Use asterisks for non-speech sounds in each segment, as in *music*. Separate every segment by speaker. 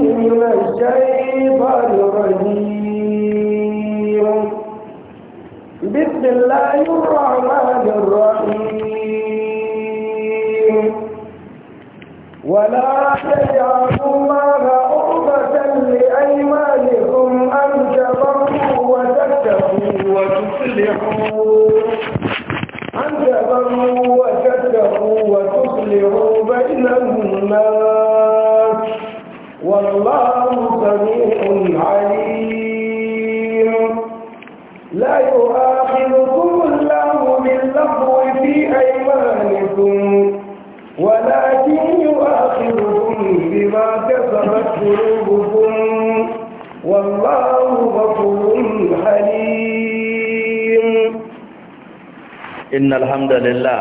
Speaker 1: من الشيطان الرجيم بسم الله الرحمن الرحيم ولا تجعلوا الله لأيمانكم أن وتصلحوا أن تبروا وتتقوا وتصلحوا بينهما والله سميع عليم لا يؤاخذكم الله باللغو في أيمانكم ولكن يؤاخذكم بما كسبت قلوبكم والله غفور حليم
Speaker 2: إن الحمد لله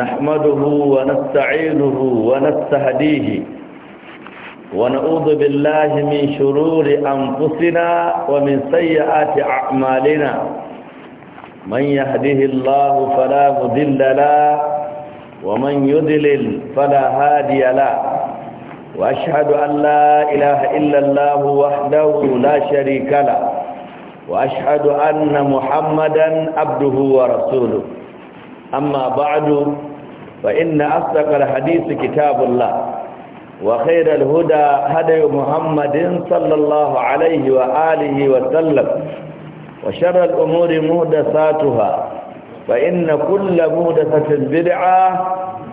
Speaker 2: نحمده ونستعينه ونستهديه ونعوذ بالله من شرور أنفسنا ومن سيئات أعمالنا من يهده الله فلا مذل له ومن يذلل فلا هادي له وأشهد أن لا إله إلا الله وحده لا شريك له وأشهد أن محمدا عبده ورسوله أما بعد فإن أصدق الحديث كتاب الله وخير الهدى هدي محمد صلى الله عليه وآله وسلم وشر الأمور مهدساتها فإن كل مهدسة بدعة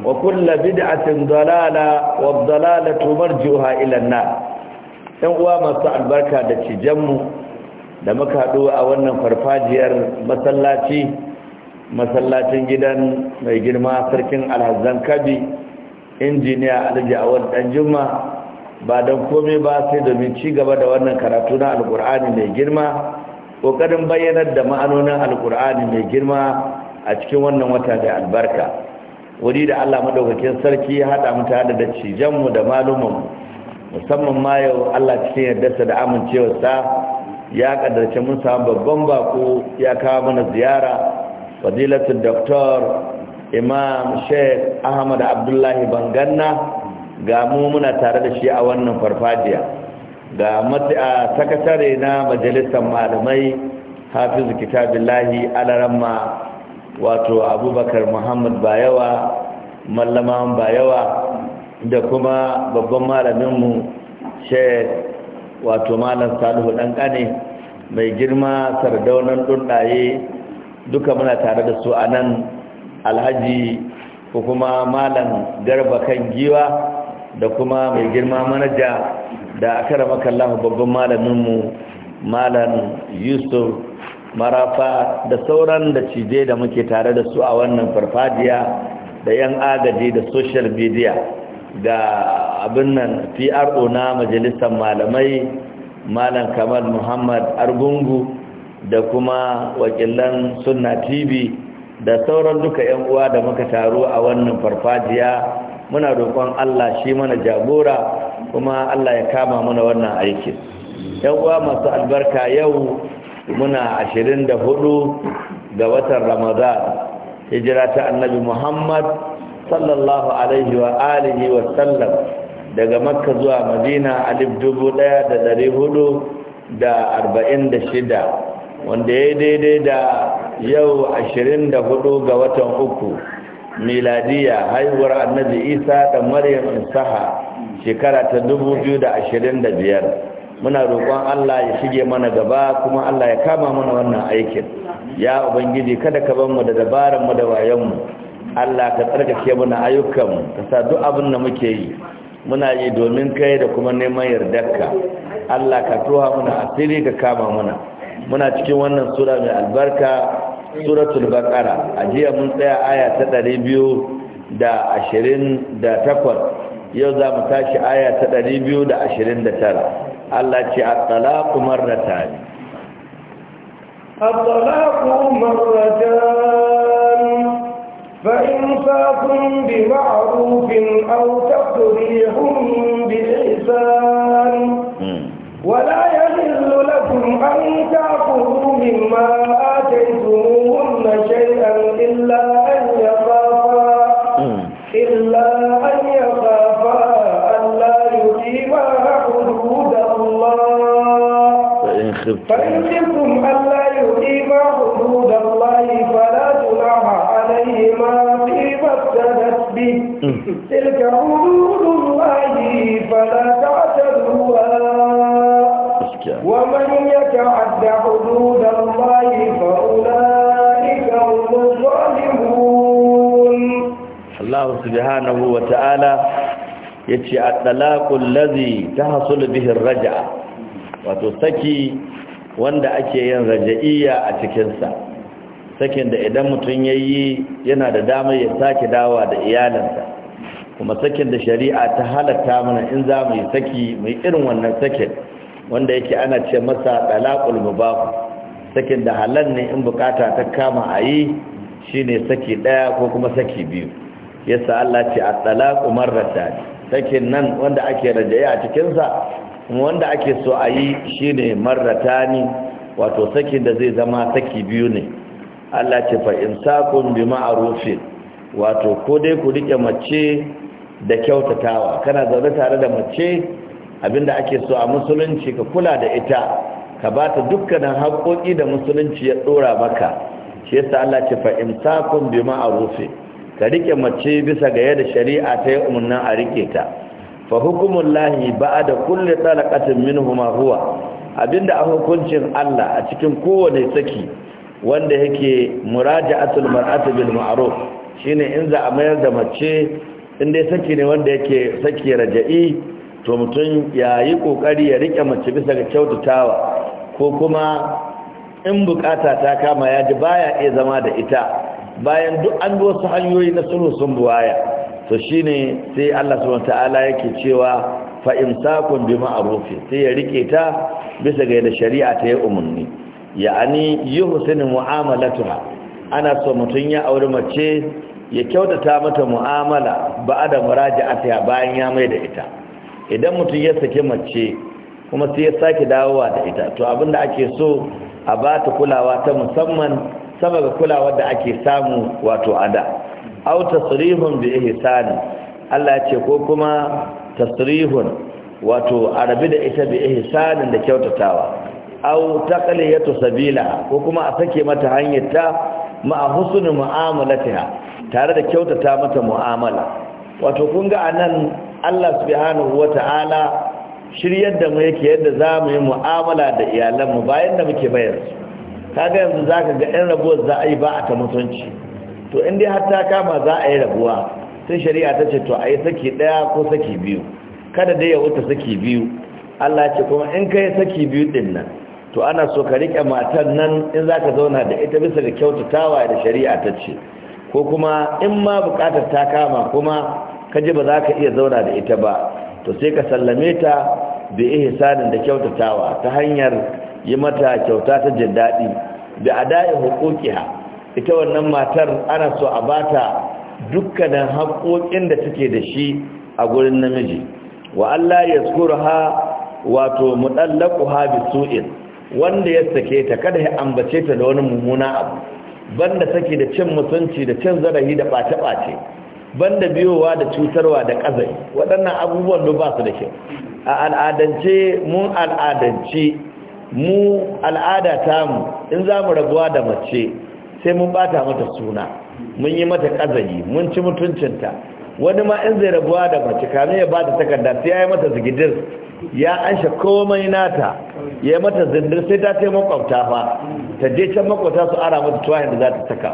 Speaker 2: وكل بدعة ضلالة والضلالة مرجوها إلى النار ينقوى مساء البركة التي جمه da muka haɗu a wannan farfajiyar masallaci masallacin gidan mai girma sarkin alhazan kabi injiniya alhaji awal dan ba don komai ba sai domin ci gaba da wannan karatu na alkur'ani mai girma kokarin bayyanar da ma'anonin alkur'ani mai girma a cikin wannan wata da albarka wuri da allah madaukakin sarki ya haɗa mu tare da cijanmu da malumanmu musamman ma yau allah cikin yardarsa da amincewarsa ya ƙaddarci mun samu babban bako ya kawo mana ziyara fadilatul doctor imam sheikh ahmad abdullahi banganna ga mu muna tare da shi a wannan farfajiya ga sakatare na majalisar malamai hafizu kitabillahi alaramma wato abubakar muhammad bayawa mallaman bayawa da kuma babban malaminmu sheikh wato malam salihu ɗanƙane mai girma sardaunan ɗunɗaye duka muna tare da su a nan alhaji ko kuma malam garba kan giwa da kuma mai girma manaja da aka rama Allah babban malaminmu malam yusuf marafa da sauran da cije da muke tare da su a wannan farfadiya da 'yan agaji da social media da abin nan pro na majalisar malamai malam kamal muhammad argungu da kuma wakilan sunna tv da sauran duka yan uwa da muka taru a wannan farfajiya muna roƙon Allah shi mana jagora kuma Allah ya kama mana wannan aiki yan uwa masu albarka yau muna 24 ga watan Ramadan hijira ta Annabi Muhammad sallallahu alaihi wa alihi wa sallam daga Makka zuwa Madina alif dubu ɗaya da hudu da ɗari hudu shida, wanda ya daidai da yau ashirin da hudu ga watan uku miladiya haihuwar annabi isa da maryam isaha shekara ta da ashirin biyar. muna roƙon allah ya shige mana gaba kuma allah ya kama mana wannan aikin ya ubangiji kada ka ban mu da dabaranmu da wayanmu. allah ka tsarkake mana ayyukanmu ka sa duk abin da muke yi muna yi domin kai da kuma neman yardarka allah ka tuha mana asiri ka kama mana muna cikin wannan sura mai albarka suratul baqara a jiya mun tsaya aya ta ɗari biyu da ashirin da takwas yau za mu tashi aya ta ɗari biyu da ashirin da tara Allah ce a talaku marrata ne
Speaker 1: a talaku marrata fa'in kun bi ma'arufin autakurihun bi isan hmm. wala ya lullu an an taku mimma a taitumu
Speaker 3: din fa'idinkum
Speaker 1: allah yuhi ma hududallahi fala tunaha alayhi ma fi baddalat bi tilka hududullahi fala ta'tadruha wa man yata'adda hududallahi fa ulaika hum
Speaker 2: adh-dhalimun Allah subhanahu wa ta'ala ce, a talaqu lazi ta bihi ar-raj'a wato saki wanda ake yin raja'iyya a cikinsa sakin da idan mutum ya yi yana da damar ya sake dawa da iyalinsa kuma sakin da shari'a ta halatta mana in za mu yi saki mai irin wannan sakin wanda yake ana ce masa ɗalaƙul mubahu sakin da halal ne in bukata ta kama a yi shi ne saki ɗaya ko kuma saki biyu yasa Allah ce a ɗalaƙu marrata sakin nan wanda ake rajaye a cikinsa wanda ake so a yi shi ne marratani wato sakin da zai zama saki biyu ne allah ce fa'in sakun bi ma'arufin wato ko dai ku riƙe mace da kyautatawa kana zaune tare da mace abinda ake so a musulunci ka kula da ita ka ba ta dukkanin haƙoƙi da musulunci ya ɗora maka shi yasa allah ce fa'in sakun bi ma'arufin ka rike mace bisa ga yadda shari'a ta yi umarnin a rike ta fa hukumun lahi ba da kulle talakatin min huma huwa abinda a hukuncin Allah a cikin kowane saki wanda yake muraja'atul mar'ati bil ma'ruf shine in za a mayar da mace in dai saki ne wanda yake saki raja'i to mutum ya yi kokari ya rike mace bisa ga kyautatawa ko kuma in bukata ta kama ya ji baya iya zama da ita bayan duk an bi wasu hanyoyi na sulhu sun buwaya to shine sai Allah subhanahu ta'ala yake cewa fa imsakun bi ma'ruf sai ya rike ta bisa ga yadda shari'a ta yi umarni ya'ani yuhsinu mu'amalatuha ana so mutun ya aure mace ya kyautata mata mu'amala ba da muraja'ata bayan ya mai da ita idan mutun ya saki mace kuma sai ya sake dawowa da ita to abinda ake so a ba ta kulawa ta musamman sama ga kulawar da ake samu wato ada au tasrihun bi ihsani Allah ya ce ko kuma tasrihun wato arabi da ita bi ihsanin da kyautatawa au taqliyatu sabila ko kuma a sake mata hanyar ta ma'a husnul mu'amalatiha tare da kyautata mata mu'amala wato kun ga anan Allah subhanahu wata'ala shiryar da mu yake yadda za mu yi mu'amala da iyalanmu bayan da muke bayar ga yanzu za ka ga 'yan rabuwar za a yi ba a ta mutunci to in dai har ta kama za a yi rabuwa sai shari'a ta ce to a yi saki daya ko saki biyu kada dai ya wuta saki biyu allah ce kuma in ka saki biyu din nan to ana so ka riƙe matan nan in za ka zauna da ita bisa ga kyautatawa da shari'a ta ce ko kuma in ma buƙatar ta kama kuma ka ji ba za ka iya zauna da ita ba to sai ka sallame ta bi ihsanin da kyautatawa ta hanyar yi mata kyauta ta jin daɗi bi ada'i ha. ita wannan matar ana so a bata dukkanin haƙoƙin da take da shi a gurin namiji wa Allah ha wato ha bi su'in wanda ya sake ta kada ya ambace ta da wani mummuna abu banda take da cin mutunci da cin zarahi da ɓace-ɓace banda biyowa da cutarwa da kazai waɗannan abubuwan da ba su da kyau a al'adance mun al'adance mu al'ada tamu in za mu rabuwa da mace sai mun bata mata suna mun yi mata kazayi mun ci mutuncinta wani ma in zai rabuwa da mace kame ya ba ta takarda sai ya yi mata zigidir ya ansha komai nata ya yi mata zindir sai ta ce makwabta fa ta je can makwabta su ara mata tuwahin da za ta saka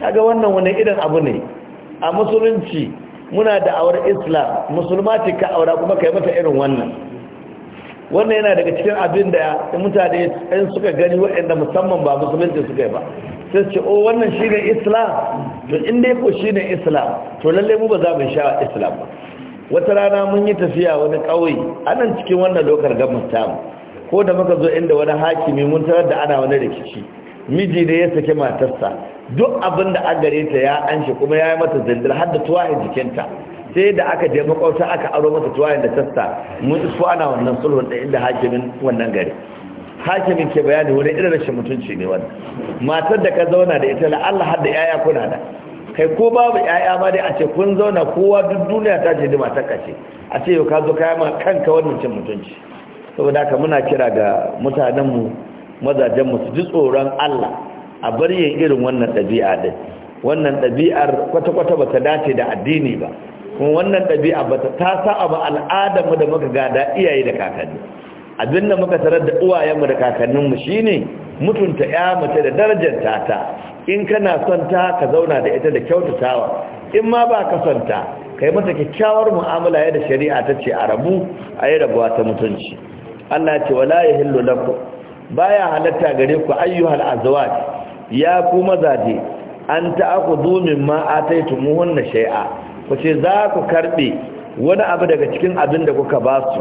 Speaker 2: kaga wannan wani irin abu ne a musulunci muna da awar islam musulma ce ka aura kuma kai mata irin wannan wannan yana daga cikin abin da mutane ɗin suka gani waɗanda musamman ba musulunci suka yi ba sai ce o oh, wannan shi ne islam to inda ko shi ne islam to lalle mu ba za mu sha islam ba wata rana mun yi tafiya wani ƙauye nan cikin wannan lokar gamin tamu ko da muka zo inda wani hakimi mun tarar da ana wani rikici miji da ya sake matarsa duk abin da an gare ta ya an shi kuma ya yi mata zindir har da tuwahin jikinta sai da aka je makwauta aka aro mata tuwahin da tasta mun su ana wannan sulhun da inda hakimin wannan gari hakimin ke bayani wani irin rashin mutunci ne wannan matar da ka zauna da ita la Allah har da yaya kuna da kai ko babu yaya ma dai a ce kun zauna kowa duk duniya ta ce da matar kace a ce yau ka zo ka ma kanka wannan cin mutunci saboda haka muna kira ga mutanenmu mazajen musu ji tsoron Allah a bar yin irin wannan ɗabi'a din wannan ɗabi'ar kwata-kwata ba ta dace da addini ba kuma wannan ɗabi'a ba ta tasa ba al'adarmu da muka gada iyaye da kakanni abin da muka tarar da uwayenmu da kakanninmu shine mutunta ya mace da darajarta ta in kana son ta ka zauna da ita da kyautatawa in ma ba ka son ta kai mata kyakkyawar mu'amala yadda shari'a ta ce a rabu a yi rabuwa ta mutunci Allah ce wala yahillu lakum baya halatta gare ku ayyuhal azwaj ya ku mazaje an ta'khudhu mimma ataytumuhunna shay'a ce za ku karbe wani abu daga cikin abin da kuka ba su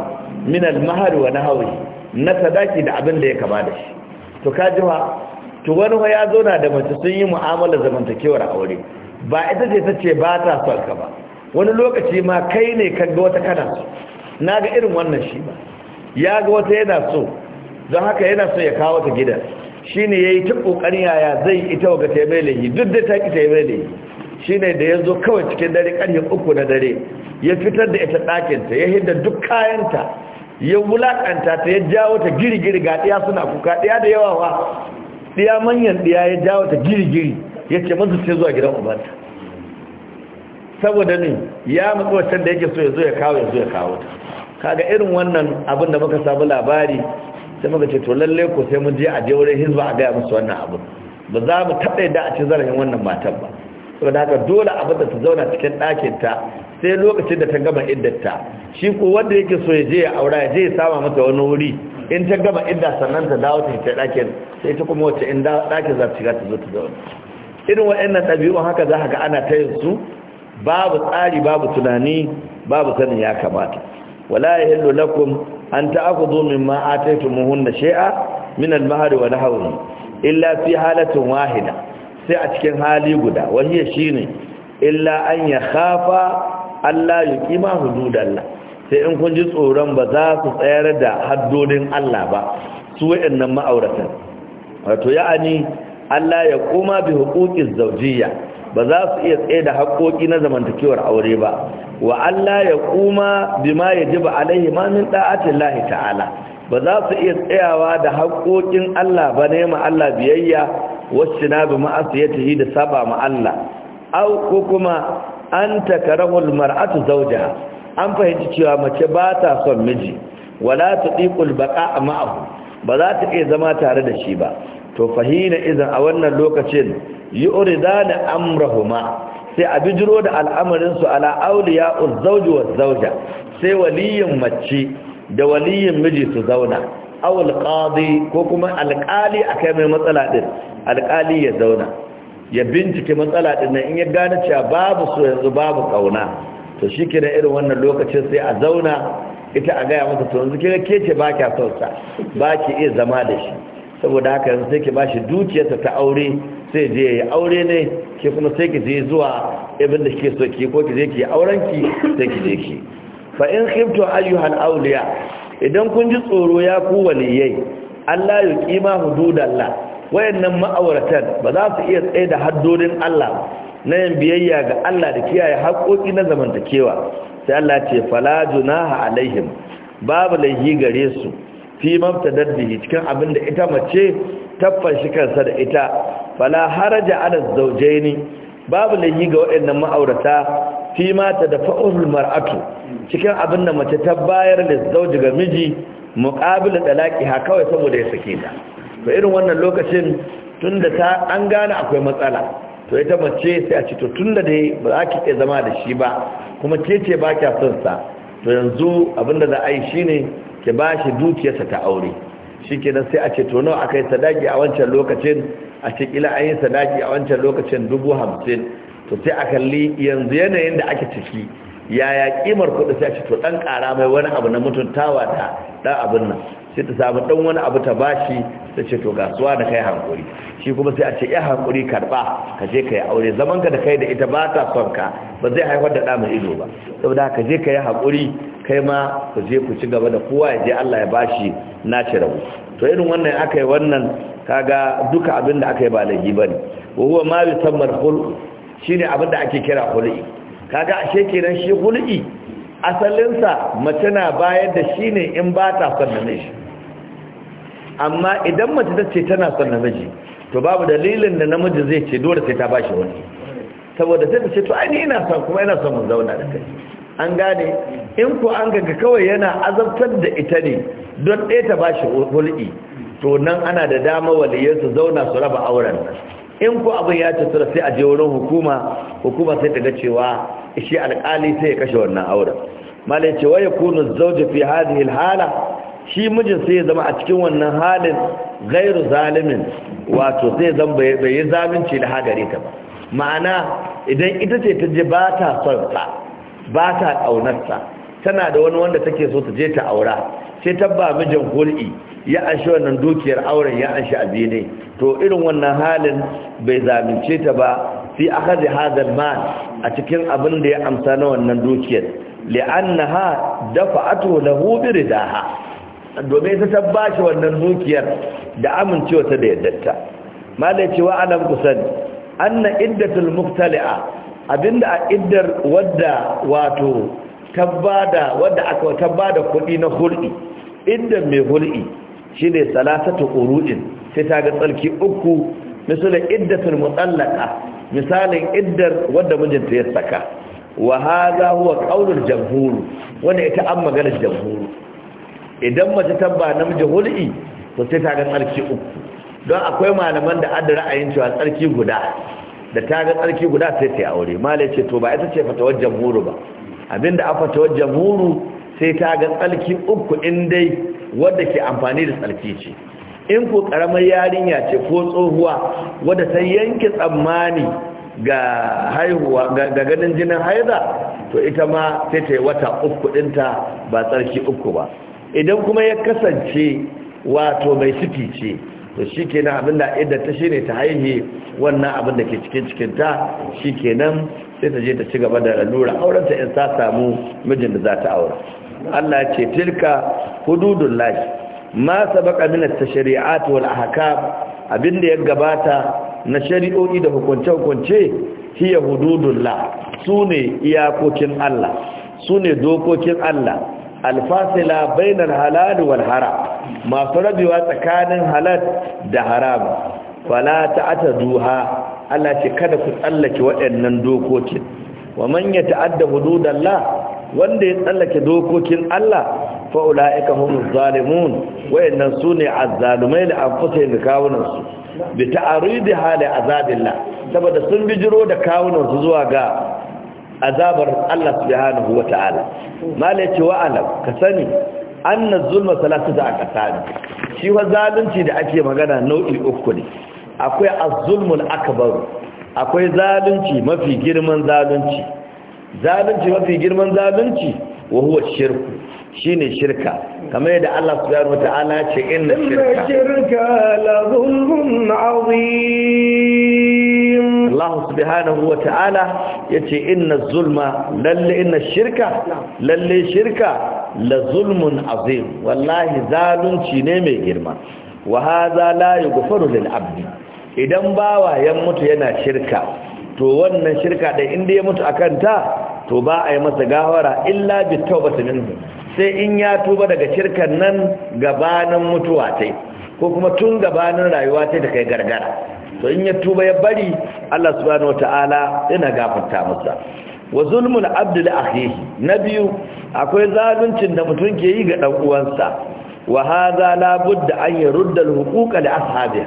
Speaker 2: min al wa nahwi na sadaki da abin da ya kama da shi to ji wa to wani ya zauna da mace sun yi mu'amala zamantakewar aure ba ita ce tace ba ta son ka ba wani lokaci ma kai ne kaga wata kana so naga irin wannan shi ba ya ga wata yana so don haka yana so ya kawo ta gida shi ne ya yi ta ƙoƙarin yaya zai ita waga ta yi duk da ta ƙi shi ne da ya zo kawai cikin dare ƙarfe uku na dare ya fitar da ita ɗakinta ya hidda duk kayanta ya wulaƙanta ta ya jawo ta girgiri ga ɗiya suna kuka ɗiya da yawa wa ɗiya manyan ɗiya ya jawo ta girgiri ya ce masu sai zuwa gidan ubanta saboda ne ya matsa wacce da yake so ya zo ya kawo ya zo ya kawo ta kaga irin wannan abin da muka samu labari sai muka ce to lalle ko sai mun je a je wurin hizba a gaya musu wannan abu ba za mu taɓa yadda a ci zarafin wannan matan ba saboda haka dole abin da ta zauna cikin ta sai lokacin da ta gama iddata shi ko wanda yake so ya je ya aura ya je ya sama mata wani wuri in ta gama idda sannan ta dawo ta ta ɗakin sai ta kuma wacce in ɗakin za ta shiga ta zo ta zauna irin waɗannan ɗabi'un haka za ka ana ta yin su babu tsari babu tunani babu sanin ya kamata wala yahillu lakum an ta'khudhu mimma ataytumuhunna shay'a min al-mahr wa nahwi illa fi halatin wahida sai a cikin hali guda wani shine illa an yakhafa Allah yuqima hududallah sai in kun ji tsoron ba za su tsayar da haddodin Allah ba su wayannan ma'auratan wato ya'ani Allah ya koma bi huquqiz zawjiyya ba za su iya tsaye da haƙoƙi na zamantakewar aure ba wa Allah ya kuma bima ba alaihi ma min lahi ta'ala ba za su iya tsayawa da haƙoƙin Allah ba ne ma Allah biyayya wacce na bi tafi da saba ma Allah au ko kuma an takarahul mar'atu zauja an fahimci cewa mace ba ta son miji wala tudiqul baqa ma'ahu ba za ta iya zama tare da shi ba to fahina idan a wannan lokacin yi urida da amrahuma sai a bijiro da al'amarinsu ala auliya uzzauji wa zauja sai waliyin mace da waliyin miji su zauna aw qadi ko kuma a akai mai matsala din ya zauna ya bincike matsala din nan in ya gane cewa babu so yanzu babu kauna to shi shikenan irin wannan lokacin sai a zauna ita a gaya masa to yanzu kira ke ce ba kya sauta ba iya zama da shi saboda haka yanzu sai ki shi dukiyarsa ta aure sai je ya aure ne ke kuma sai ki je zuwa abin da ke so ki ko ki je ki auren ki sai ki je ki fa in khiftu ayyuhal awliya idan kun ji tsoro ya ku waliyai Allah ya kima hududallah wayannan ma'auratan ba za su iya tsaye da haddodin Allah na yin biyayya ga Allah da kiyaye haƙoƙi na zamantakewa sai Allah ce fala junaha alaihim babu laihi gare su fi ta bihi cikin abin da ita mace taffan shi kansa da ita fala haraja ala zawjaini babu layi ga waɗannan ma'aurata fi ma fa'ul mar'atu cikin abin da mace ta bayar da zauji ga miji muqabil dalaki ha kawai saboda ya sake ta to irin wannan lokacin tunda ta an gane akwai matsala to ita mace sai a ce to tunda dai ba za ki zama da shi ba kuma ke ce ba kya son sa to yanzu abinda za a yi shine ki ba shi dukiyarsa ta aure shi kenan sai a ce tono nawa aka yi sadaki a wancan lokacin a ce kila an yi sadaki a wancan lokacin dubu hamsin to sai a kalli yanzu yanayin da ake ciki yaya kimar kuɗi sai a ce to ɗan ƙara mai wani abu na mutuntawa ta dan abin nan sai ta samu ɗan wani abu ta bashi ta ce to gasuwa da kai hankuri shi kuma sai a ce ya hankuri karɓa ka je ka yi aure zaman ka da kai da ita ba ta son ka ba zai haifar da ɗa mai ido ba saboda ka je ka yi hankuri kai ma ku je ku ci gaba da kowa ya je Allah ya bashi ci rabu to irin wannan aka yi wannan kaga duka abin da aka yi ba laifi ba ne ma bi sammar hulu shi ne abin da ake kira hulu'i kaga ashe kenan shi hulu'i asalinsa mace na bayar da shi ne in ba ta son namiji amma idan mace ta ce tana son namiji to babu dalilin da namiji zai ce dole sai ta bashi wani saboda ta ce to ai ni ina son kuma ina son mun zauna da kai an gane in ku an ganga kawai yana azabtar da ita ne don ɗaya ta ba shi hulɗi to nan ana da dama waliyar su zauna su raba auren in ku abin ya ci sai a je wurin hukuma hukuma sai ta ga cewa shi alƙali sai ya kashe wannan auren malai ce waye kunu zauje fi hadhihi alhala shi mijin sai ya zama a cikin wannan halin gairu zalimin wato sai zan bai yi zalunci da hagare ta ba ma'ana idan ita ce ta je ba ta son ta ba ta ƙaunarsa tana da wani wanda take so ta je ta aura sai tabba mijin hul'i ya anshi wannan dukiyar auren ya anshi a ne to irin wannan halin bai zamince ta ba fi akhadhi hadha mal a cikin abin da ya amsa na wannan dukiyar li'annaha dafa'atu lahu bi ridaha domin ta tabbashi wannan dukiyar da amincewa ta da yaddarta malai cewa alam kusan anna iddatul muftali'a abinda a iddar wadda wato tabbada wadda aka tabbada kudi na hul'i iddar mai hul'i shine salasatu uru'in sai ta ga tsarki uku misalin iddatul mutsallaka. misalin iddar wadda mijinta ya saka wa hadha huwa qaulul jamhur wanda ita an magana jamhur idan mace tabba namiji hul'i to sai ta ga tsarki uku don akwai malaman da adda ra'ayin cewa tsarki guda da ta ga tsarki guda sai ta yi aure malai ce to ba ita ce wajen jamhuru ba abinda a fatawar jamhuru sai ta ga tsarki uku in dai wadda ke amfani da tsarki ce in ko karamar yarinya ce ko tsohuwa wadda ta yanke tsammani ga haihuwa ga ganin jinin haiza to ita ma sai ta yi wata uku ɗinta ba tsarki uku ba idan kuma ya kasance wato mai siti ce to shi kenan abin da idda ta shi ne ta haihe wannan abin da ke cikin cikinta shi kenan sai ta je ta ci gaba da lura ta in ta samu mijin da za ta aura
Speaker 1: Allah ce tilka
Speaker 2: hududun ma sabaka min ta tashriat wal ahkam abin ya gabata na shari'o'i da hukunce-hukunce ya hududun la sune iyakokin Allah sune dokokin Allah alfasila bainar halal wal haram masu rabewa tsakanin halal da haram fala ta'ata duha Allah ce kada ku tsallake waɗannan dokokin wa man yata'adda hududallah wanda ya tsallake dokokin Allah fa ulaika humuz zalimun wayannan sune azzalumai da anfusihim da kawunansu bi ta'aridi hali azabillah saboda sun bijiro da kawunansu zuwa ga azabar Allah subhanahu ta'ala, malai ce wa'ala ka sani anna zulma salatata a kasani shi wa zalunci da ake magana nau'i uku ne akwai az-zulmul akbar akwai zalunci mafi girman zalunci zalunci mafi girman zalunci wa huwa shirku shine shirka kamar yadda Allah subhanahu ta'ala ce inna
Speaker 1: shirka la
Speaker 2: Allah subhanahu wa ta'ala ya ce inna zulma lalle inna shirka lalle shirka la zulmun azim wallahi zalunci ne mai girma wa haza la yughfaru abdi idan bawa ya mutu yana shirka to wannan shirka da inda ya mutu akan ta to ba a yi masa gawara illa bi tawbati minhu sai in ya tuba daga shirkan nan gabanin mutuwa tai ko kuma tun gabanin rayuwa tai da kai gargara to in ya tuba ya bari Allah subhanahu wataala yana gafarta masa wa zulmul abdi li akhihi nabiyu akwai zaluncin da mutum ke yi ga dan uwansa wa hadha la budda an yurda al huquq li ashabihi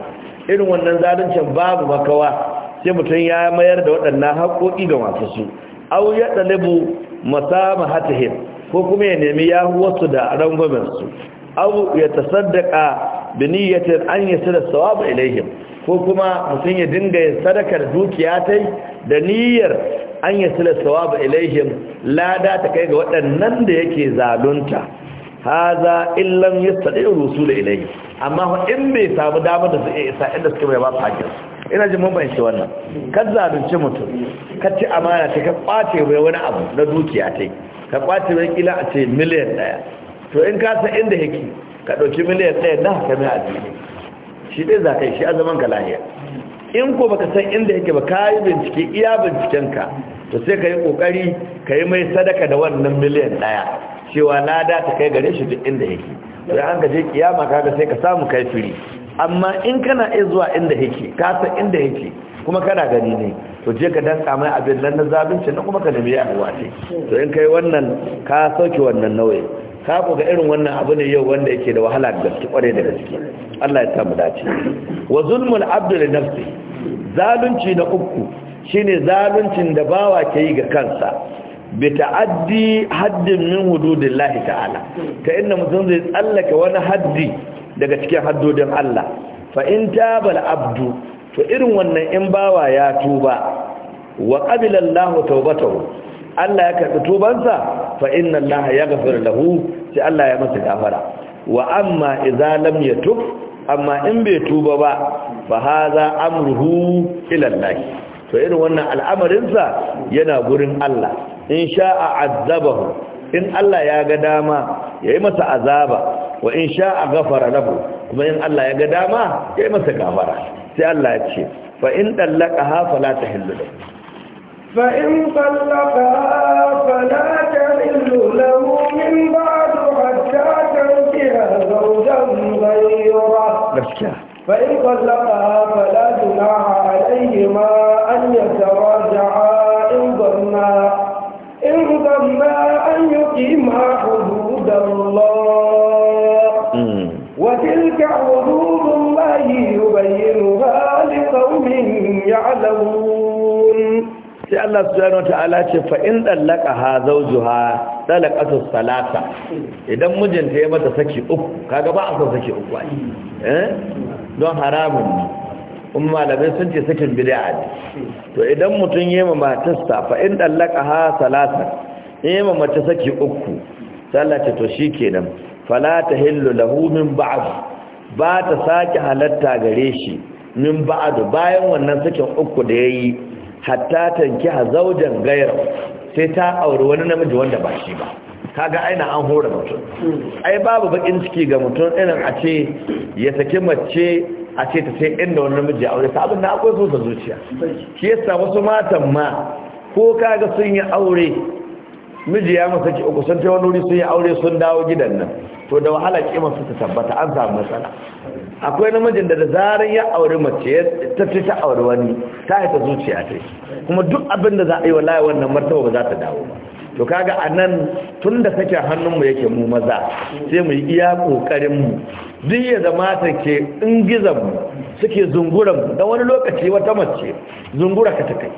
Speaker 2: irin wannan zaluncin babu makawa sai mutum ya mayar da waɗannan haƙoƙi ga masu su aw ya dalibu hatihin. ko kuma ya nemi yahuwarsu da rangwamen su aw ya tasaddaqa bi niyyatin an yasira sawab ilaihim ko kuma mutum ya dinga sadakar dukiya ta da niyyar an yi sila ba ilaihim lada ta kai ga waɗannan da yake zalunta Ha za illan ya rusu da ilai amma in bai samu damar da su iya isa inda suke bai ba su ina jin mun shi wannan ka zalunci mutum ka ci amana ta ka kwace mai wani abu na dukiya ta ka kwace mai kila a ce miliyan ɗaya to in ka inda yake ka ɗauki miliyan ɗaya na haka mai addini shi dai za ka yi shi a zaman ka in ko baka san inda yake ba ka yi bincike iya bincikenka to sai ka yi kokari ka yi mai sadaka da wannan miliyan daya cewa na ta kai gare shi duk inda yake sai an je kiyama ga sai ka samu kai firi amma in kana iya zuwa inda yake ka san inda yake kuma kana gani ne to je ka danka mai abin nan na zalunci na kuma ka nemi yawa ce to in kai wannan ka sauke wannan nauyi sabo ga irin wannan abu ne yau wanda yake da wahala da gaske kware da gaske Allah ya samu dace wa zulmul abdu li nafsi zalunci na uku shine zaluncin da bawa ke yi ga kansa bi ta'addi haddin min hududillahi ta'ala Ka inda mutum zai tsallaka wani haddi daga cikin haddodin Allah fa in tabal abdu to irin wannan in bawa ya tuba wa qabila Allahu tawbatahu Allah ya karbi tubansa fa inna allaha yaghfir lahu sai Allah ya masa gafara wa amma izalam ya yatub amma in bai tuba ba fa hadha amruhu ila Allah to irin wannan al'amarin sa yana gurin Allah in sha'a azabahu in Allah ya ga dama ya yi masa azaba wa in sha'a ghafara lahu kuma in Allah ya ga dama ya yi masa gafara sai Allah ya ce fa in dallaqaha ta tahillu lahu
Speaker 1: فإن طلقها فلا تحل له من بعد حتى تنكح زوجا غيره فإن طلقها فلا جناح عليهما أن يتراجعا إن ظنا إن ظنا أن يقيما حدود الله وتلك حدود الله يبينها لقوم يعلمون
Speaker 2: sai Allah subhanahu wataala ce fa in ha zawjuha talaqatu salasa idan mijinta ya mata saki uku kaga ba a son saki uku ai eh don haramun da malamai sun ce sakin bid'a ne to idan mutun yema matarsa fa in ha salasa yema mace saki uku sallah ce to shikenan fala tahillu lahu min ba'd ba ta sake halatta gare shi min ba'd bayan wannan sakin uku da yayi hatta tanki hazaujan gayar sai ta auri wani namiji wanda ba shi ba kaga aina an hore mutum ai babu bakin ciki ga mutum irin a ce ya saki mace a ce ta sai inda wani namiji a aure sabon na akwai sosa zuciya shi sa wasu matan ma ko kaga sun yi aure miji ya masa ki uku sun ta wani wuri sun yi aure sun dawo gidan nan to da wahala kima su ta tabbata an samu matsala akwai namijin da da zarar ya auri mace ta ce ta aure wani ta haifar zuciya ta kuma duk abin da za a yi wa laye wannan martaba ba za ta dawo ba? to kaga a nan tun da sakin hannunmu yake mu maza sai mu yi iya ƙoƙarinmu duk ya zama ta ke ingizanmu suke zunguranmu da wani lokaci wata mace zungura ka ta kai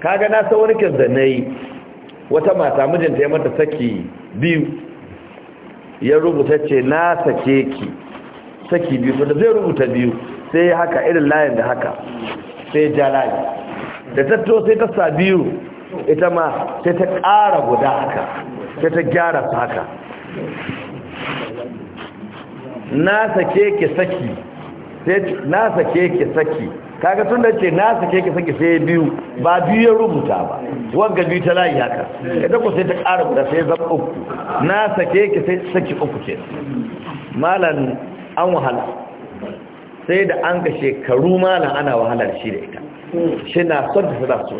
Speaker 2: kaga na san wani da na yi wata mata mijinta ya mata saki biyu ya rubuta ce na sake ki saki biyu wanda da zai rubuta biyu sai ya haka irin layin da haka sai ja layi da tattau sai ta sa biyu ita ma sai ta ƙara guda haka sai ta gyara su haka na sake ke saki sai na sake saki kaga tun da ce na sake ke saki sai biyu ba biyu ya rubuta ba wanga biyu ta layi haka ita ku sai ta ƙara guda sai zan uku na sake ke saki uku ce malam an wahala sai da an ga shekaru malam ana wahalar shi da ita shi na son ta sada so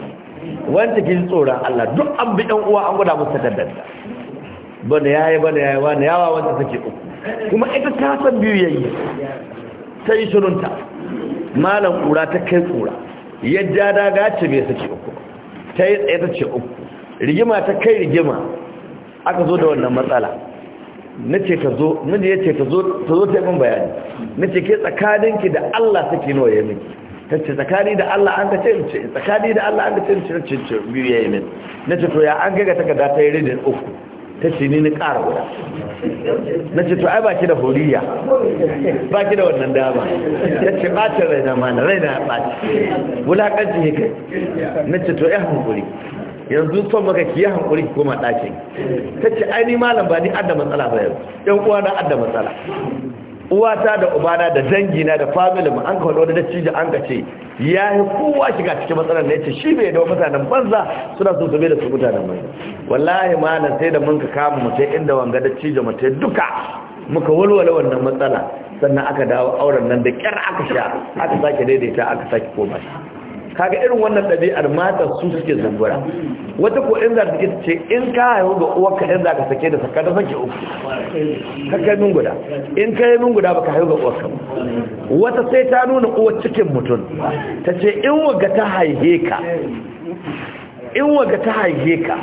Speaker 2: wanda ke ji tsoron Allah duk an bi ɗan uwa an gwada musu daddanta bane yayi bane yayi wani yawa wanda take uku kuma ita ta san biyu yayi ta yi shirunta malam kura ta kai kura yadda daga ce bai suke uku ta yi tsaye ta ce uku rigima ta kai rigima aka zo da wannan matsala na ce ka zo miji ya ce ka zo ta zo ta yi bayani na ce ke tsakaninki da Allah take nawa ya miki ta ce tsakani da Allah an ka ce ce tsakani da Allah an ka ce ce ce biyu ya yi min na ce to ya an gaga takarda ta yi ridin uku ta ce ni ni kara guda na ce to ai baki da horiya baki da wannan dama ta ce rai raina mana raina ya ɓaci wulaƙanci kai na ce to ya hankuri yanzu son maka ki yi hankuri ki koma ɗakin ta ce aini malam ba ni adda matsala ba yanzu ɗan uwa na adda matsala uwata da ubana da dangina da family mu an kawo da dace da an ka ce ya yi kowa shiga cikin matsalar da ya ce shi bai da mutanen banza suna so su bai da su mutanen banza wallahi malam sai da mun ka kama mu sai inda wanga da cije mu duka muka walwala wannan matsala sannan aka dawo auren nan da kyar aka sha aka sake daidaita aka sake koma shi kaga irin wannan ɗabi'ar matan su suke zungura wata ko in za ta ke ce in ka haihu ga uwarka in za ka sake da saka ta sake uku ka kai min guda in ka yi min guda ba ka haihu ga uwarka wata sai ta nuna uwar cikin mutum ta ce in waga ta haihe ka in waga ta haihe ka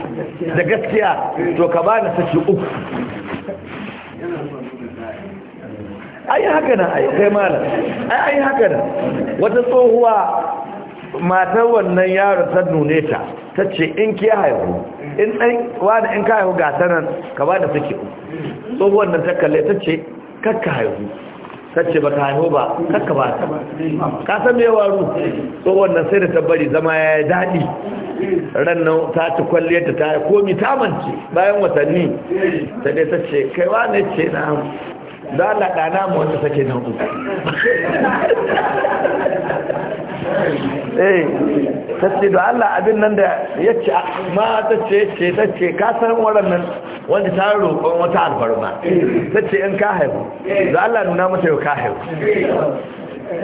Speaker 2: da gaskiya to ka ba na sake uku
Speaker 3: ai haka nan ai kai malam ai ai haka nan wata
Speaker 2: tsohuwa matar wannan yaro ta nune ta ta ce in ke haihu in ɗan wani in ka haihu ga sanan ka ba da suke tsohuwan nan ta kalle ta ce kakka haihu ta ce ba ka haihu ba kakka ba ta ka san me waru tsohuwan nan sai da ta bari zama ya yi daɗi ran nan ta ci kwalliyar ta ta komi ta mance bayan watanni ta ne ta ce kai wani ce na da na ɗana mu wanda sake nan uku
Speaker 3: *laughs*
Speaker 2: eh da Allah abin nan da yace ma ta ce tace ka san warannan wanda ta roƙon wata alfarma ce in ka haihu da Allah nuna mata yau ka haihu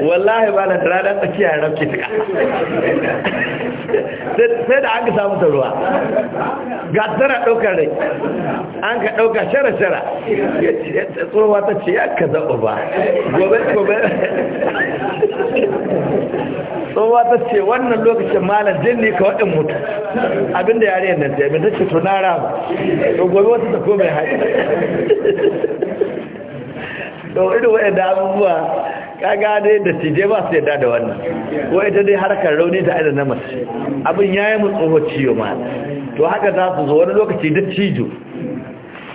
Speaker 2: wallahi ba na da ɗan tsakiya ya rabke ta sai da an ka samu ta ruwa ga tana ɗaukar rai an ka ɗauka shara-shara tsohuwa ta ce ya ka zaɓa ba gobe-gobe tsohuwa ta ce wannan lokacin malar jini ka waɗin mutu abinda yare yadda ta yi ta ce tunara ba gobe wata ta kome haɗi don irin waɗanda abubuwa ka gane da tije ba su yadda da wannan wai ita dai harkar rauni ta aida na masu abin ya yi tsoho ciwo ma to haka za su zo wani lokaci da cijo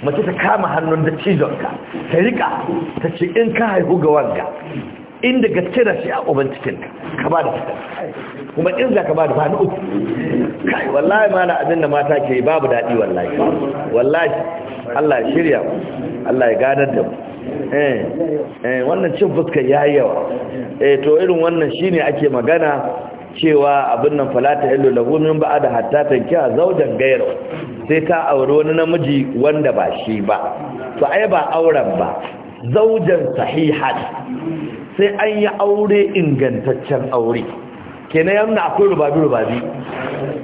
Speaker 2: mace ta kama hannun da cijonka ta rika ta ce in ka haihu ga wanga inda ga da shi a uban cikinka ka ba da fitar kuma in za ka ba da ba uku kai wallahi ma na abin da mata ke babu daɗi wallahi wallahi Allah ya shirya mu Allah ya ganar da mu eh, eh, wannan cin ya yi yawa eh, to irin wannan shine ake magana cewa abin nan falata illu lahu min ba'da hatta tankiha zawjan ghayra sai ka aure wani namiji wanda ba shi ba to ai ba auren ba zawjan sahihat sai an yi aure ingantaccen aure kenan yamma akwai rubabi rubabi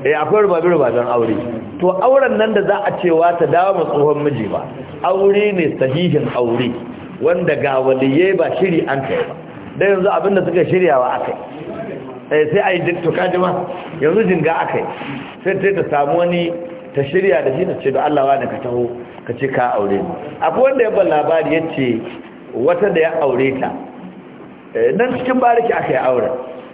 Speaker 2: eh akwai rubabi rubaben aure to auren nan da za a cewa ta dawo ma tsohon miji ba aure ne sahihin aure wanda ga waliyai ba shiri an kai ba dan yanzu abinda suka shiryawa akai Eh, sai a yi jima yanzu jinga aka yi sai ta ta samu wani ta shirya da shi ta ce da Allah da ka taho ka ce ka aure ni akwai wanda ya ban labari ya ce wata da ya aure ta eh, nan cikin bariki aka yi aure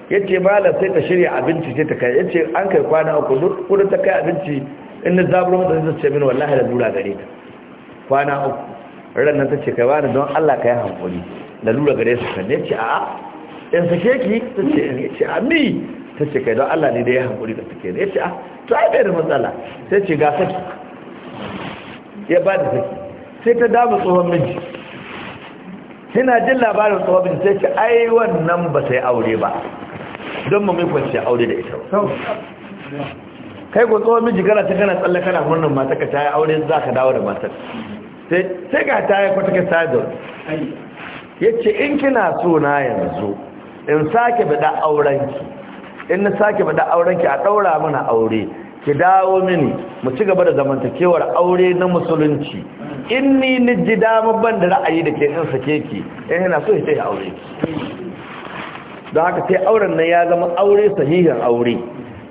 Speaker 2: ya ce malam sai ta shirya abinci ce ta kai ya ce an kai kwana uku duk ta kai abinci in na zaburo mata ta ce min wallahi da lura gare ta kwana uku ran nan ta ce kai wani don Allah ka yi hankali da lura gare su kan ya ce a'a in sake ki ta ce in eh, ce ami ah, ta ce kai don Allah ne da ya hankuri da suke ya ce a ah, to ai bai da matsala sai ce ga saki ya ba da saki sai ta damu tsohon miji suna jin labarin tsohon miji sai ce ai wannan ba sai aure ba don mu mai kwanci aure da ita ba. kai ko tsohon miji kana ta gana tsalle kana murnan mata ka tayi aure za ka dawo da matar sai ga ta yi kwata ka sadar ya ce in kina so na yanzu in sake bada aurenki in na sake bada aurenki a daura mana aure ki dawo mini mu ci gaba da zamantakewar aure na musulunci in ni ni dama ban da ra'ayi da ke in sake ki in yana so ki aure don haka sai auren nan ya zama aure sahihin aure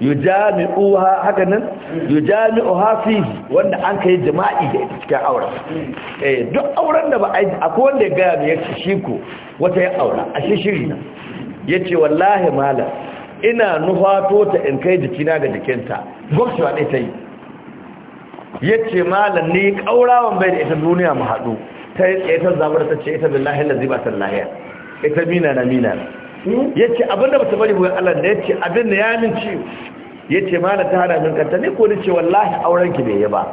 Speaker 2: yujami'uha haka nan yujami'uha fi wanda an kai jima'i da ita cikin aure eh duk auren da ba a akwai wanda ya ga ya ci shi ko wata ya aura a shi shiri na Ya ce wallahi malam ina nufato ta in kai jikina ga jikinta gwamnati waɗe ta yi Ya ce malam ne ƙaurawan bai da ita duniya mu haɗu ta yi tsaye ta zabar ta ce ita billahi lazi ziba ta lahiya ita mina na mina hmm? Ya ce abinda ba ta bari buga Allah da ce abin da ya min Ya ce malam ta hana min kanta ne ko ni ce wallahi auren ki bai yi ba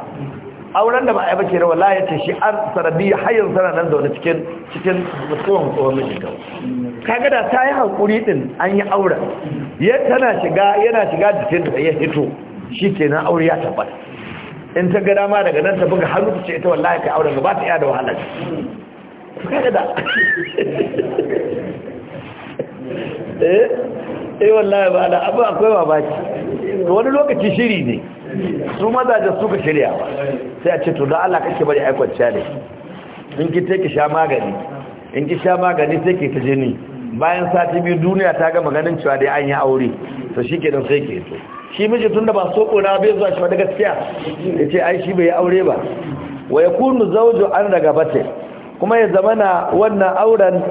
Speaker 2: auren da ba a yi bace rawa la ce shi an sanadiyya hayan sana nan zaune cikin cikin musamman tsohon mijin kawai kaga da ta yi haƙuri ɗin an yi aura. ya tana shiga yana shiga jikin da ya hito shi ke na aure ya tabbata in ta gada ma daga nan ta buga hannu ta ce ita wallahi kai auren gaba ta iya da wahala kaga da *laughs* eh eh wallahi ba da abu akwai babaki wani lokaci shiri ne su mazajen suka shirya sai a ce to don Allah kake bari aikwanciya ne in ki take sha magani in ki sha magani sai ke ta jini bayan sati biyu duniya ta gama ganin cewa dai an yi aure to shi ke don sai ke to shi miji tun da ba so kona bai zuwa shi ba da gaskiya ya ce ai shi bai yi aure ba wa ya kunu zaujo an daga bace kuma ya zama na wannan auren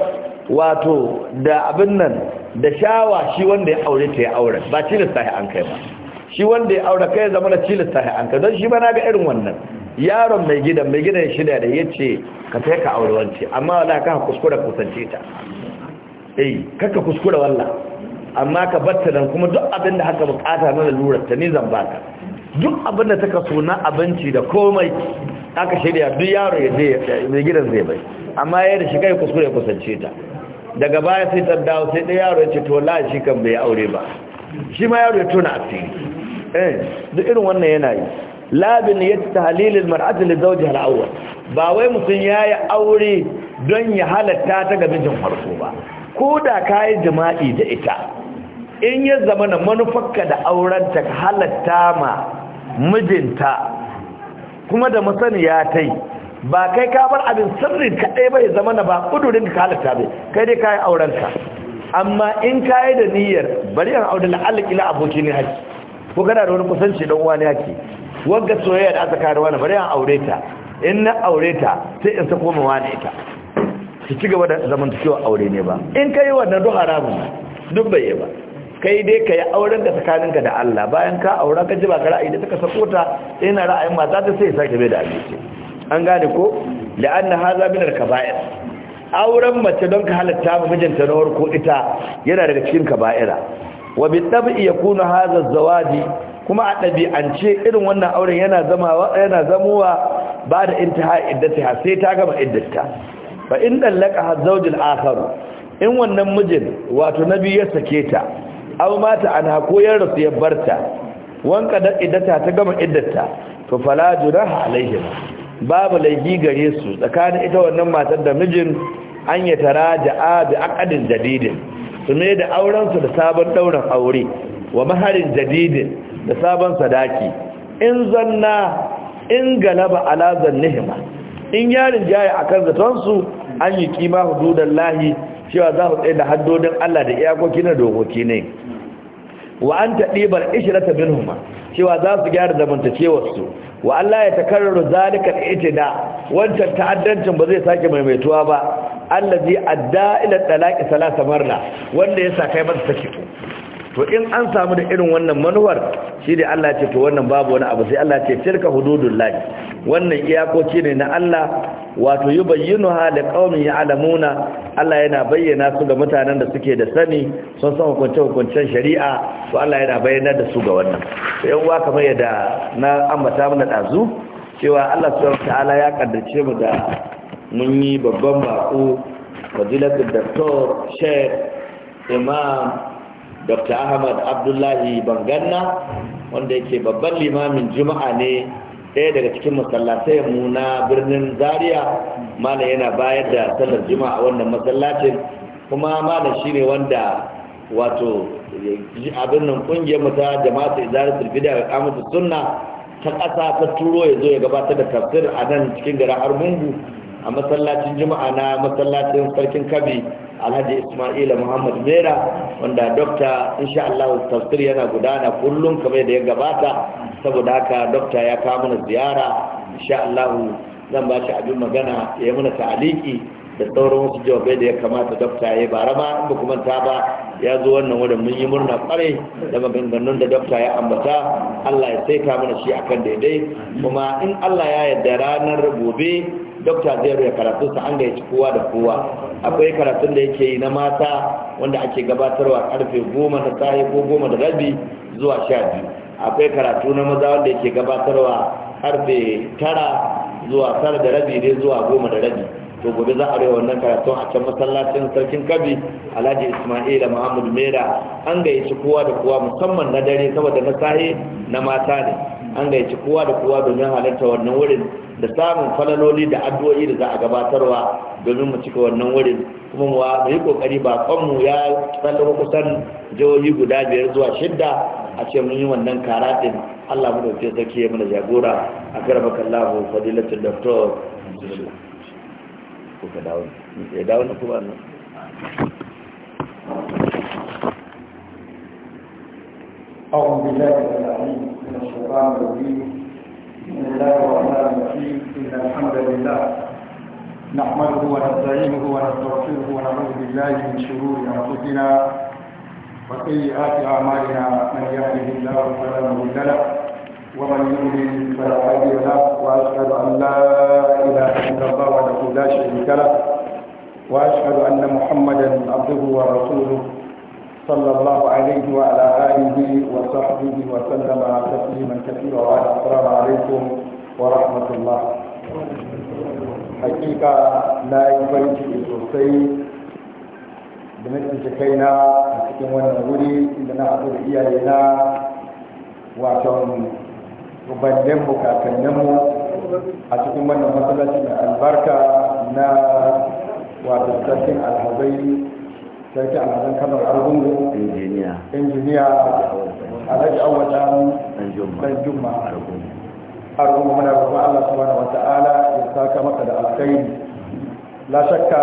Speaker 2: wato da abin nan da shawa shi wanda ya aure ta ya aure ba ci da sahi an kai ba shi wanda ya aure kai zama na cilis ta an ka don shi ba na ga irin wannan yaron mai gidan mai gidan shida da ya ce ka sai ka aure wance amma wala ka kuskura kusance ta eh kaka kuskura walla amma ka batta dan kuma duk abin da haka bukata na lalurar ta ne zan baka duk abin da taka so na abinci da komai aka shirya duk yaro ya je mai gidan zai bai amma yayin da shi kai kuskure kusance ta daga baya sai ta dawo sai da yaro ya ce to wallahi shi kan bai aure ba shi ma yaro ya tona asiri eh duk irin wannan yana yi labin ya tahlilil mar'ati li zawjiha al-awwal ba wai mutun yayi aure don ya halatta ta ga mijin farko ba ko da kai jima'i da ita in ya zama na manufarka da auren ta halatta ma mijinta kuma da masaniya tai ba kai ka bar abin sirri kaɗai ba ya zama na ba kudurin ka halatta bai kai dai kayi aurenka amma in kayi da niyyar bari yan aure ila abokin haji ko kana da wani kusanci don wani yaki Wanda soyayya da aka kare wani bari an aure ta in na aure ta sai in sako ma wani ita su ci gaba da zamantakewa aure ne ba in ka yi wannan duk haramun duk bai yi ba kai dai ka yi auren ka tsakaninka da Allah bayan ka aura ka ji ba ka ra'ayi da ka sako ta ina ra'ayin mata ta sai sake bai da abinci an gane ko la'anna haza min al-kaba'ir auren mace don ka halatta mijinta na ko ita yana daga cikin kaba'ira wa bitabi yakunu hadha zawaji kuma a ɗabi'ance irin wannan auren yana zama yana zamuwa ba da intihai ha sai ta gama iddata fa in dallaka hazzawjul akhar in wannan mijin wato nabi ya sake ta aw mata an ko ya rasu ya barta wanka da iddata ta gama iddata to fala junaha alaihim babu laifi gare su tsakanin ita wannan matar da mijin an yi taraja'a bi aqdin jadidin su mai da aurensu da sabon ɗaurin aure wa maharin jadidin da sabon sadaki in zanna in galaba ala zannihima in yarin jaya akan zatonsu an yi kima hududan lahi cewa za su tsaye da haddodin Allah da iyakoki na dokoki ne wa an taɗibar ishirata huma. cewa za su gyara zamantakewarsu wa Allah ya takarraru zalika da ita da wancan ta'addancin ba zai sake maimaituwa ba allazi adda ila talaqi salasa marra wanda ya kai masa saki to in an samu da irin wannan manuwar shi da Allah ce to wannan babu wani abu sai Allah ce tilka hududullah wannan iyakoci ne na Allah wato yubayyinuha liqaumin ya'lamuna Allah yana bayyana su ga mutanen da suke da sani sun san hukunce hukuncin shari'a to Allah yana bayyana da su ga wannan sai uwa kamar yadda na ambata mana dazu cewa Allah subhanahu ta'ala ya kaddace mu da mun yi babban baƙo, fadilatu doktor sheikh imam dr ahmad abdullahi banganna wanda yake babban limamin juma'a ne ɗaya daga cikin masallatai mu na birnin zaria mana yana bayar da sallar juma'a wannan masallacin kuma mana shi ne wanda wato abin nan ƙungiyar jama'a ta jama'atu turbida ga wa sunna ta ƙasa ta turo ya zo ya gabatar da tafsir a nan cikin garin mungu. a masallacin juma'a na masallacin sarkin kabi alhaji ismaila muhammad mera wanda dokta insha allahu tafsir yana gudana kullum kamar da ya gabata saboda haka dokta ya kawo mana ziyara insha allahu zan ba shi abin magana ya yi mana ta'aliki da sauran wasu jawabai da ya kamata dokta ya yi bara ma in ba kuma ta ba ya zo wannan wurin mun yi murna kwarai da maganganun da dokta ya ambata Allah ya saita mana shi akan daidai kuma in Allah ya yarda ranar gobe dokta zero ya karatu sa an da ya ci kowa da kowa akwai karatun da yake yi na mata wanda ake gabatarwa karfe goma na tsaye ko goma da rabi zuwa sha biyu akwai karatu na maza wanda yake gabatarwa karfe tara zuwa tara da rabi ne zuwa goma da rabi to gobe za a rai wannan karatun a can masallacin sarkin kabi alhaji Isma'il da muhammad mera an gayyaci kowa da kowa musamman na dare saboda na sahe na mata ne an gayyaci kowa da kowa domin halarta wannan wurin da samun falaloli da addu'o'i da za a gabatarwa domin mu cika wannan wurin kuma mu yi kokari ba mu ya tsallaka kusan jihohi guda biyar zuwa shidda a ce mun yi wannan kara din Allah mu dauke sarki ya mana jagora a karfafa kallahu fadilatul doctor ko ka dawo ya dawo na kuma nan
Speaker 4: أعوذ بالله العليم من الشيطان الرجيم بسم الله الرحمن الرحيم إن الحمد لله نحمده ونستعينه ونستغفره ونعوذ بالله من شرور أنفسنا وسيئات أعمالنا من يهده الله فلا مضل له ومن يؤمن فلا هادي له واشهد ان لا اله الا الله وحده لا شريك له واشهد ان محمدا عبده ورسوله صلى الله عليه وعلى اله وصحبه وسلم تسليما كثيرا وعلى السلام عليكم ورحمه الله حقيقه لا يفرج sosai da na tsinci kaina a cikin wannan wuri inda na haɗu da iyayena waton ubanninmu kakanninmu a cikin wannan masallaci mai albarka na wato sarkin alhazai sarki alhazan kamar argungu injiniya alhaji awatan dan juma argungu mana roƙon allah subhanahu wata'ala ya saka maka da alkhairi la shakka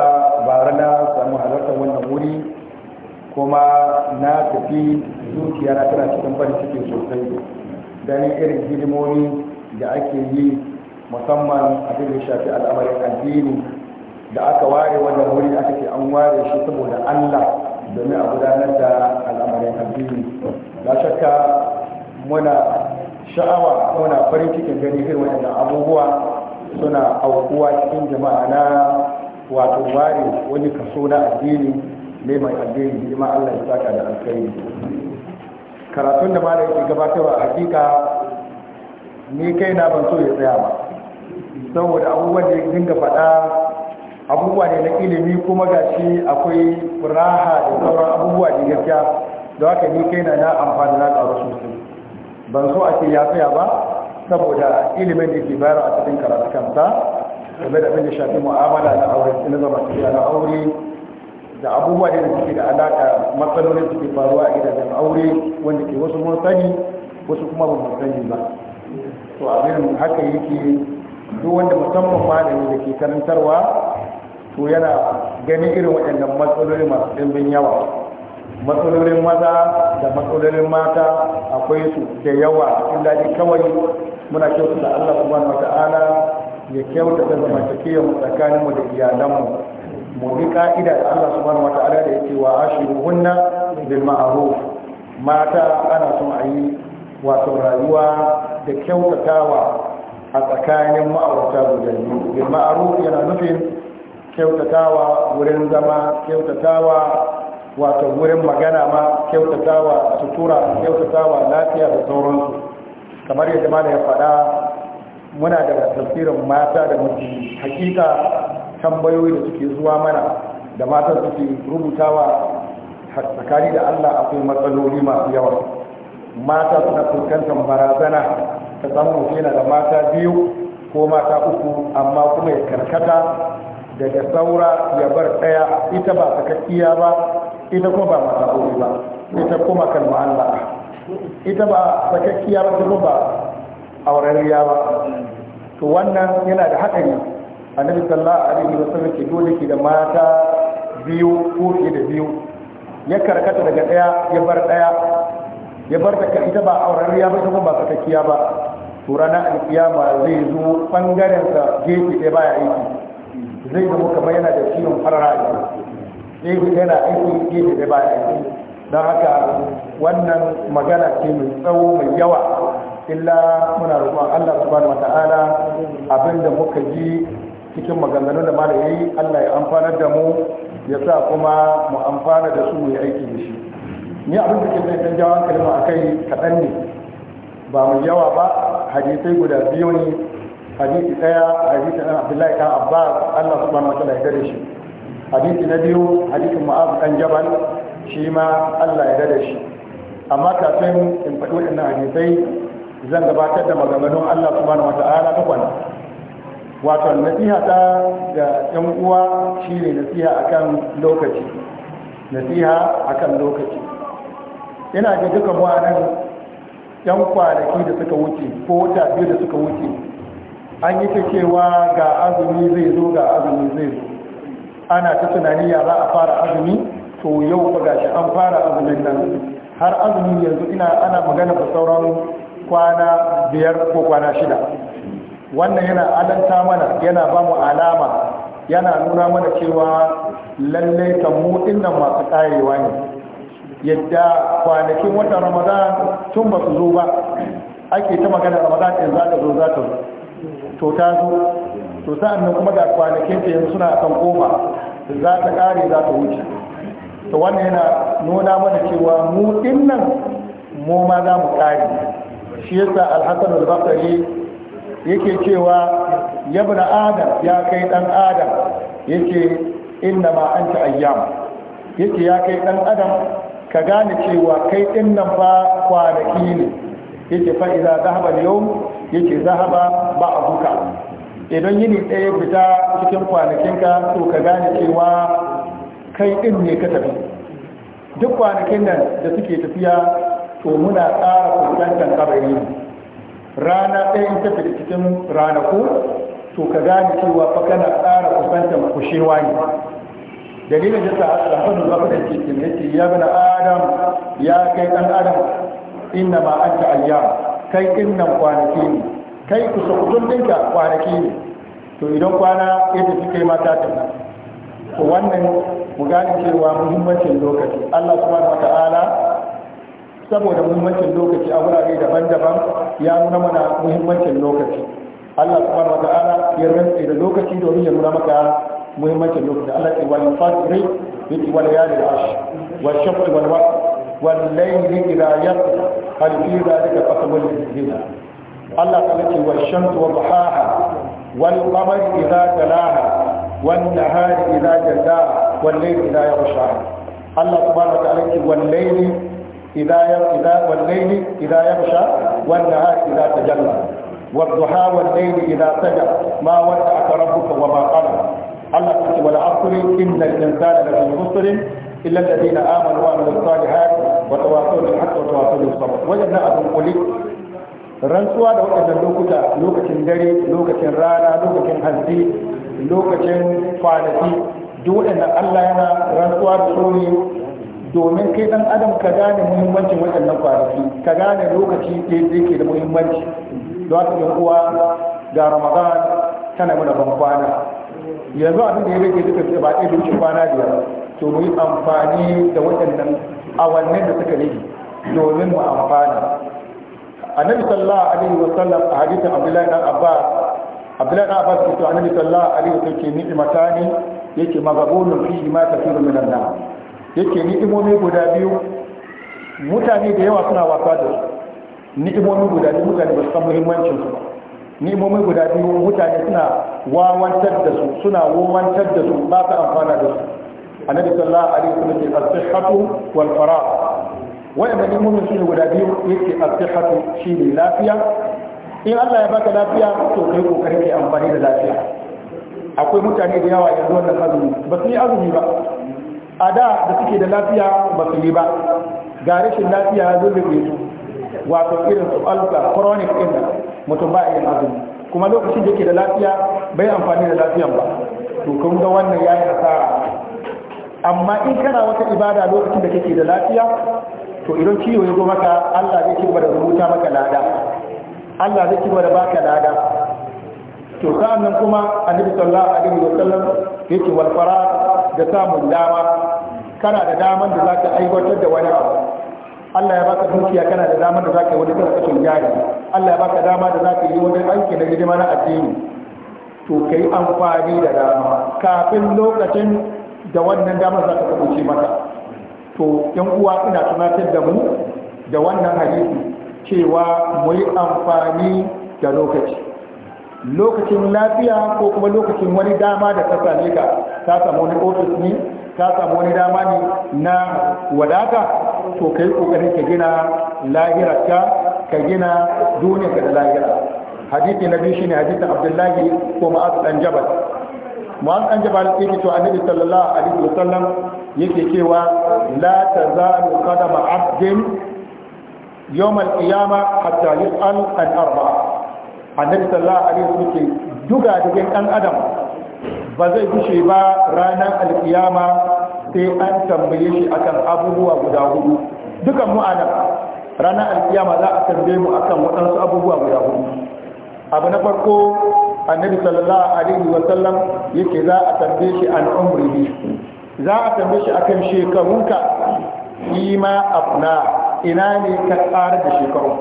Speaker 4: bara na samu halartar wannan wuri kuma na tafi zuciya na tana cikin farin ciki sosai ganin irin hidimomi da ake yi musamman abin da shafi al'amarin addini da aka ware wannan wuri aka ce an ware shi saboda allah domin a gudanar da al'amarin addini da shakka muna sha'awa muna farin cikin gani irin waɗannan abubuwa suna aukuwa cikin jama'a na wato ware wani kaso na addini mai mai addini ima allah ya saka da alkhairi karatun da malam yake gabatarwa hakika ni kai na ban so ya tsaya ba saboda abubuwan da ya dinga faɗa abubuwa ne na ilimi kuma shi akwai raha da sauran abubuwa da gaskiya da haka ni kai na na amfani na ƙaru sosai ban so a ce ya tsaya ba saboda ilimin da ke bayar a cikin karatukansa game da abin da shafi mu'amala na aure na zama na aure da abubuwa da suke da alaka matsalolin suke faruwa a gidajen aure wanda ke wasu mun sani wasu kuma ba mu ba to abin haka yake duk wanda musamman malami da ke karantarwa to yana ganin irin waɗannan matsaloli masu ɗimbin yawa matsalolin maza da matsalolin mata akwai su da yawa cikin daɗi kawai muna kyautata Allah subhanahu ta'ala ya kyautata zamantakewa tsakaninmu da iyalanmu mobi ƙa'ida ka'ida da Allah subhanahu wata da yake wa ashiruhunna bil ma'ruf mata ana son a yi wato rayuwa da kyautatawa a tsakanin ma'aurata guda biyu bil ma'ruf yana nufin kyautatawa wurin zama kyautatawa wato wurin magana ma kyautatawa sutura kyautatawa lafiya da sauransu kamar yadda da ya faɗa muna da tafsirin mata da miji hakika tambayoyi da suke zuwa mana da matan suke rubutawa tsakani da Allah akwai matsaloli masu yawa mata suna fuskantar barazana ta samu yana da mata biyu ko mata uku amma kuma ya karkata daga saura ya bar ɗaya ita ba kakkiya ba ita kuma ba mata ba ita kuma kalma Allah ita ba kakkiya ba kuma ba aurariya ba to wannan yana da haɗari annabi sallallahu alaihi wasallam ke dole ki da mata biyu ko ki da biyu ya karkata daga daya ya bar daya ya bar ta ita ba auren aurariya ba kuma ba sakakkiya ba to ranar alkiyama zai zo bangaren sa gefe ɗaya baya aiki zai zama kamar yana da ciwon farara a gefe yana aiki gefe ɗaya baya aiki don haka wannan magana ce mai tsawo mai yawa illa muna roƙon Allah subhanahu ta'ala abinda muka ji cikin maganganu da mala yayi Allah ya amfanar da mu ya sa kuma mu amfana da su mu aiki da shi ni abin da ke zai dan jawo kalma mu akai kaɗan ne ba mu yawa ba hadisai guda biyu ne hadisi ɗaya hadisi ɗan abdullahi ɗan abbas Allah subhanahu wa ta'ala ya shi hadisi na biyu hadisin mu'az ɗan jabal shi ma Allah ya da shi amma kafin in faɗi waɗannan hadisai zan gabatar da maganganun Allah subhanahu wata ta wato nasiha ta ga yan uwa shine nasiha akan lokaci nasiha akan lokaci ina ga duka mu nan yan kwanaki da suka wuce ko wata biyu da suka wuce an yi ta cewa ga azumi zai zo ga azumi zai zo ana ta tunani ya za a fara azumi to yau ba shi an fara azumin nan har azumi yanzu ina ana magana ba sauran kwana biyar ko kwana shida wannan yana alanta mana yana ba mu alama yana nuna mana cewa lallai kammu dinnan masu karewa ne yadda kwanakin watan ramadan tun ba su zo ba ake ta magana ramadan ɗin za ta zo za ta zo to ta zo to sa'an nan kuma ga kwanakin ta yanzu suna kan koma za ta kare za ta wuce to wannan yana nuna mana cewa mu dinnan mu ma za mu kare shi yasa alhassan al basri yake cewa yabna adam ya kai dan adam yake inna ma anta ayyam yake ya kai dan adam ka gane cewa kai din nan ba kwanaki ne yake fa zahaba da yau yake zahaba ba abuka. idan yini ɗaya fita cikin kwanakinka to ka gane cewa kai din ne ka tafi duk kwanakin nan da suke tafiya to muna ƙara fuskantar kabari ne rana ɗaya ka tafi cikin ranaku to ka gane cewa fa kana ƙara kusantar kushewa ne dalilin da ta alfanu zafi da ke kin yace ya bana adam ya kai ɗan adam inna ma anta ayyam kai innan kwanaki ne kai kusa ku dinka kwanaki ne to idan kwana ya tafi kai mata ta to wannan mu gane cewa muhimmancin lokaci Allah subhanahu ta'ala saboda muhimmancin lokaci a wurare daban-daban ya nuna mana muhimmancin lokaci Allah subhanahu wa ta'ala ya rantsa da lokaci domin ya nuna maka muhimmancin lokaci Allah ce wal fajri bi wal yali ash wal shafq wal waqt wal layl idha yaqta hal fi dhalika qasamul lil Allah ta'ala ce wal shams wa duhaha wal qamar idha talaha wan nahari idha jallaha wal layl idha yaghsha Allah subhanahu wa ta'ala ce wal layli إذا إذا والليل إذا يغشى والنهار إذا تجلى والضحى والليل إذا سجى ما ودعك ربك وما قلى الله والعصر إن الإنسان لفي خسر إلا الذين آمنوا وعملوا الصالحات وتواصوا بالحق وتواصوا بالصبر وجدنا أبو قليل rantsuwa da waɗannan lokuta lokacin dare lokacin rana lokacin hanzi lokacin kwanaki duk waɗannan Allah yana rantsuwa da su ne domin kai dan adam ka gane muhimmancin waɗannan kwanaki ka gane lokaci ɗaya da yake da muhimmanci don haka yan uwa ga ramadan tana mana ban kwana yanzu abin da ya rage duka da ba ɗaya da kwana biyar to mu yi amfani da waɗannan awannin da suka rage domin mu amfana annabi sallallahu alaihi wa sallam a hadisin abdullahi dan abbas abdullahi dan abbas ke to annabi sallallahu alaihi wa sallam ke ni'imata yake magabulun fi ma tafiru minan nar yake ni'imomi guda biyu mutane da yawa suna wasa da su ni'imomi guda biyu mutane ba su san muhimmancin su ni'imomi guda biyu mutane suna wawantar da su suna wawantar da su ba su amfana da su annabi sallallahu alaihi wasallam ke as-sihhatu wal farah wannan ni'imomin su ne guda biyu yake as-sihhatu shine lafiya in Allah ya baka lafiya to kai kokari kai amfani da lafiya akwai mutane da yawa yanzu wannan azumi ba su yi azumi ba a da da suke da lafiya ba su yi ba ga rashin lafiya ya zo da su wato irin su alka chronic din mutum ba yin azumi kuma lokacin da ke da lafiya bai amfani da lafiyan ba to kun ga wannan yi asara amma in kana wata ibada lokacin da kake da lafiya to idan ciwo ya zo maka Allah zai ci gaba da rubuta maka lada Allah zai ci da baka lada to sa'an nan kuma annabi sallallahu alaihi wa sallam yake wal farat da samun dama kana da daman da zaka aiwatar da wani abu Allah ya baka dukiya kana da daman da zaka yi wani kasashen jari Allah ya baka dama da zaka yi wani aiki na hidima na addini to kai amfani da dama kafin lokacin da wannan damar za ta kubuce maka to yan uwa ina tunatar da mu da wannan hadisi cewa mu yi amfani da lokaci lokacin lafiya ko kuma lokacin wani dama da ta same ka ta samu wani ofis ne ta samu wani dama ne na wadata to kai kokarin ka gina lahirarka ka gina duniya ka da lahira hadisi na biyu shine hadisin abdullahi ko ma'az dan jabal ma'az dan jabal yake to annabi sallallahu alaihi wasallam yake cewa la tazalu qadama abdin yawm al-qiyamah hatta yus'al an arba'a annabi sallallahu alaihi wasallam ke duga cikin dan adam ba zai gushe ba ranar alkiyama sai an tambaye shi akan abubuwa guda hudu dukan mu anan ranar alkiyama za a tambaye mu akan waɗansu abubuwa guda hudu abu na farko annabi sallallahu alaihi wasallam yake za a tambaye shi an umrihi za a tambaye shi akan shekarunka ima afna ina ne ka tsara da shekaru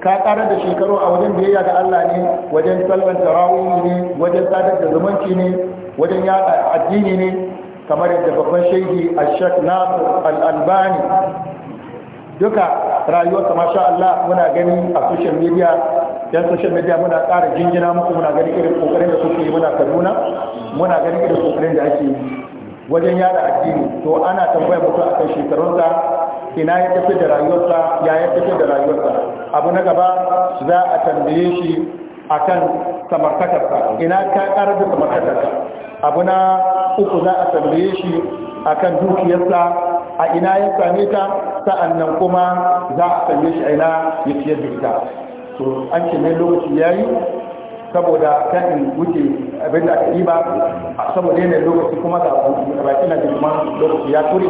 Speaker 4: ka ƙara da shekaru a wajen biyayya ga Allah ne wajen salwan tarawih ne wajen sadar da zumunci ne wajen yaɗa addini ne kamar yadda babban shehi ashak nasir al'albani duka kama masha Allah muna gani a social media yan social media muna ƙara jinjina muku muna gani irin kokarin da suke yi muna kaduna muna gani irin kokarin da ake yi wajen yada addini to ana tambayar mutum akan shekarunsa ina ya tafi da rayuwarsa ya ya tafi da rayuwarsa abu na gaba za a tambaye shi a kan samartakarsa ina ka ƙara da samartakarsa abu na uku za a tambaye shi a kan dukiyarsa a ina ya same ta sa'annan kuma za a tambaye shi a ina ya fiye da ita to an ce ne lokaci ya yi saboda kan in wuce abin da aka yi ba saboda yanayin lokaci kuma ga baki na jirgin lokaci ya ture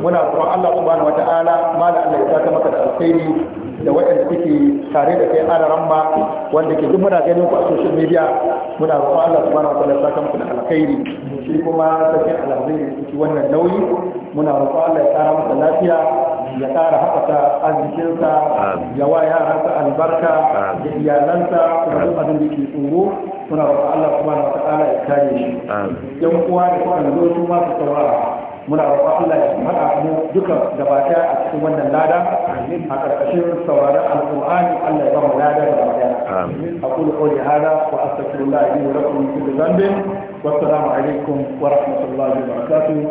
Speaker 4: muna kuma Allah subhanahu ta'ala mala Allah ya saka maka da alkhairi da waɗanda kike tare da kai ana ramma wanda ke duk muna ganin ku a social media muna roƙon Allah subhanahu ta'ala ya saka maka da alkhairi shi kuma sarkin alhazai da wannan nauyi muna roƙon Allah ya tsara masa lafiya ya ƙara haɓaka arzikinsa ya wa yaransa albarka da iyalansa da duk abin da ke tsoro muna roƙon Allah subhanahu ta'ala ya kare shi yan uwa da kuma zo su ma su saurara muna roƙon Allah ya haɗa mu duka da ta a cikin wannan lada a ƙarƙashin sauraron alƙur'ani Allah ya ba mu lada da ta a kullu qawli hada
Speaker 3: wa astaghfirullah li wa lakum min kulli dhanbin wa assalamu alaikum wa rahmatullahi wa barakatuh